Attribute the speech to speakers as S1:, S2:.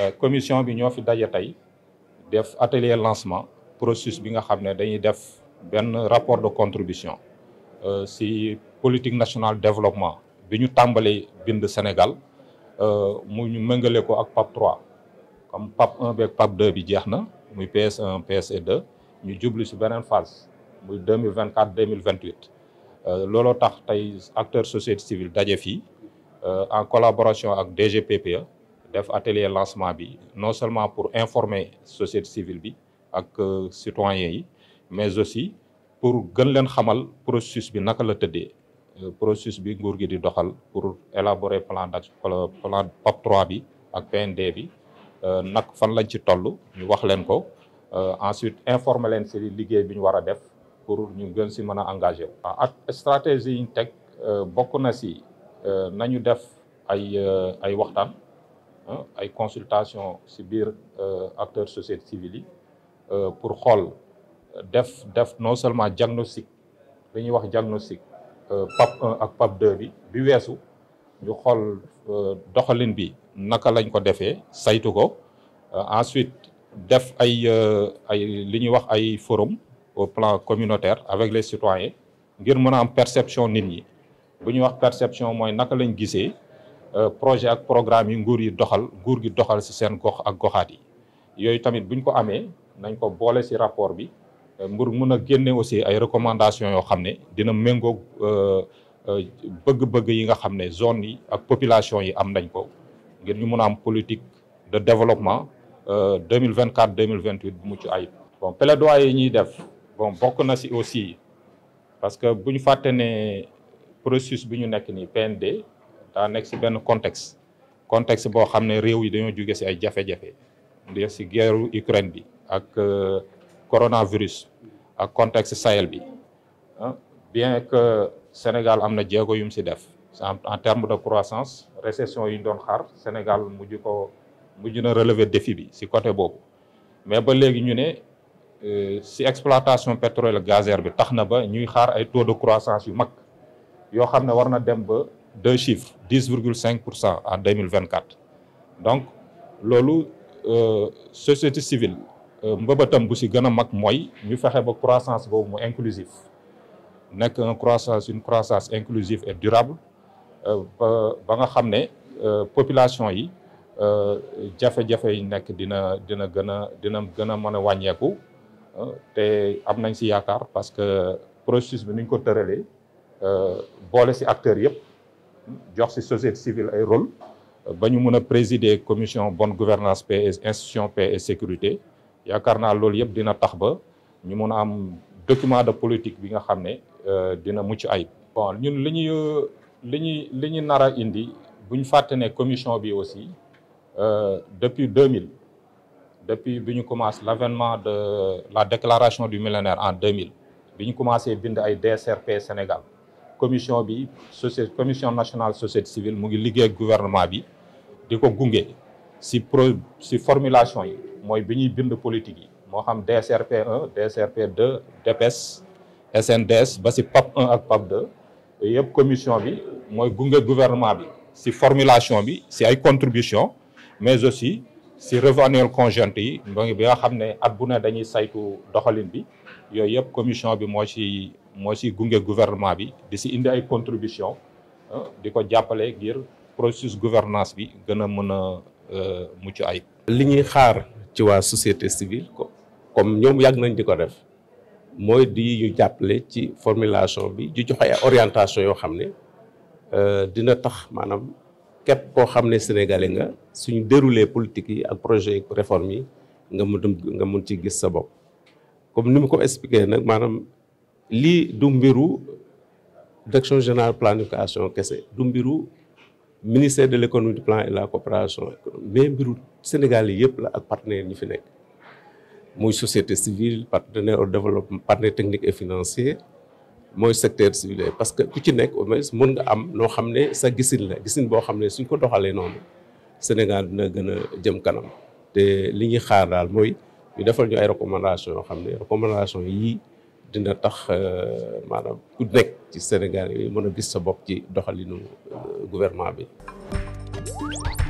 S1: Euh, commission bi ñoo fi daje tey def atelier lancement processus bi nga xam ne dañuy def benn rapport de contribution euh, si politique nationale développement bi ñu tàmbalee bind Sénégal euh, mu ñu méngale ko ak PAP 3 comme PAP 1 beeg PAP 2 bi jeex na muy PS1 PSE2 ñu jublu si beneen phase muy 2024 2028 Euh, looloo tax tey acteur société civile daje fii euh, en collaboration ak DGPPE def atelier lancement bi non seulement pour informer société civile bi ak euh, citoyen yi mais aussi pour gën leen xamal processus bi naka la tëddee processus bi nguur gi di doxal pour élaborer plan d'action plan PAP3 bi ak PND bi nag fan lañ ci toll ñu wax leen ko ensuite informer leen ci liggéey bi ñu war a def pour ñu gën si mën a engagé wu. Ah, ak stratégie yi ñu teg euh, bokk na si euh, nañu def ay euh, ay waxtaan ah, ay consultation si biir acteurs société civile yi pour xool def def non seulement diagnostic li ñuy wax diagnostic PAP 1 ak PAP 2 bi bi weesu ñu xool doxalin bi naka lañ ko defee saytu ko ensuite def ay ay li ñuy wax ay forum. au plan communautaire avec les citoyens ngir mën a am perception nit ñi bu ñuy wax perception mooy naka lañ gisee euh, projet ak programme yi nguur yi doxal nguur gi doxal ci seen gox ak goxaat yi yooyu tamit buñ ko amee nañ ko boole si rapport bi mbur euh, mun a génne aussi ay recommandation yoo xam ne dina méngoog euh, bëgg-bëgg yi nga xam ne zone yi ak population yi am nañ ko ngir ñu mën a am politique de développement 2024 2028 bu mucc ayib bon plaidoyer yi ñuy def bon bokk na si aussi parce que bu ñu fàtte ne bi ñu nekk nii PND daa nekk si benn contexte contexte boo xam ne réew yi dañoo juge si ay jafe-jafe di si guerru Ukraine bi ak euh, coronavirus ak contexte Sahel bi bien que Sénégal am na jéego yu mu si def en terme de croissance récession yi ñu doon xaar Sénégal mujj ko mujj na relever défi bi si côté boobu mais ba léegi ñu Euh, si exploitation pétrole gazière bi tax na ba ñuy xaar ay taux de croissance yu mag yoo xam ne war na dem ba deux chiffres dix virgule cinq pour cent en deux mille vingt quatre donc loolu euh, société civile euh, mbëbëtam bu si gën a mag mooy ñu fexe ba croissance boobu mu inclusive nekk un croissance une croissance inclusive et durable ba nga xam ne population yi jafe-jafe yi nekk dina dina gën a dina gën a mën a wàññeeku te am nañ si yaakaar parce que processus bi ni ñu ko tëralee euh, boole si acteurs yëpp jox si société civile ay rôle ba ñu mun a présider commission bonne gouvernance paix et institution paix et sécurité yaakaar naa loolu yëpp dina tax ba ñu mun a am document de politique bi nga xam ne euh, dina mucc ay bon ñun li ñu li ñuy li ñuy nara indi bu ñu fàtte commission bi aussi euh, depuis 2000. depuis bi ñu commence l'avènement de la déclaration du millénaire en 2000 bi ñu commencé bind ay DSRP Sénégal commission bi société commission nationale société civile mu ngi liggéey ak bi di ko gunge si pro si formulation yi mooy bi ñuy bind politique yi moo xam DSRP 1 DSRP 2 DPS SNDS ba si PAP 1 ak PAP 2 yëpp commission bi mooy gunge gouvernement bi si formulation bi si ay contribution mais aussi si revue annuelle conjointe yi donc bi nga xam ne at bu ne dañuy saytu doxalin bi yooyu yëpp commission bi moo ci moo ci gunge gouvernement bi di si indi ay contribution ah, di ko jàppale ngir processus gouvernance bi gën a mën a
S2: euh, mucc ayib li ñuy xaar ci waa société ko comme ñoom yàgg nañ di ko def mooy di ñu jàppale ci formulation bi di joxe ay orientation yoo xam ne euh, dina tax maanaam képp koo xam ne sénégalais nga suñu dérouler politique yi ak projet yi réforme yi nga mun nga mun ci gis sa bopp comme ni mu ko expliqué nag maanaam lii du mbiru direction générale planification kese du mbiru ministère de l' du plan et la coopération mais mbiru Sénégal yi yëpp la ak partenaires ñi fi nekk muy société civile partenaire au développement partenaire technique et financier mooy secteur civil parce que ku ci nekk au mën nga am loo xam ne sa gisin la gisin boo xam ne suñ ko doxalee noonu Sénégal dina gën a jëm kanam te li ñuy xaar daal mooy ñu defal ñu ay recommandation yoo xam ne recommandation yii dina tax euh, maanaam ku nekk ci Sénégal yi mën a gis sa bopp ci doxalinu euh, gouvernement bi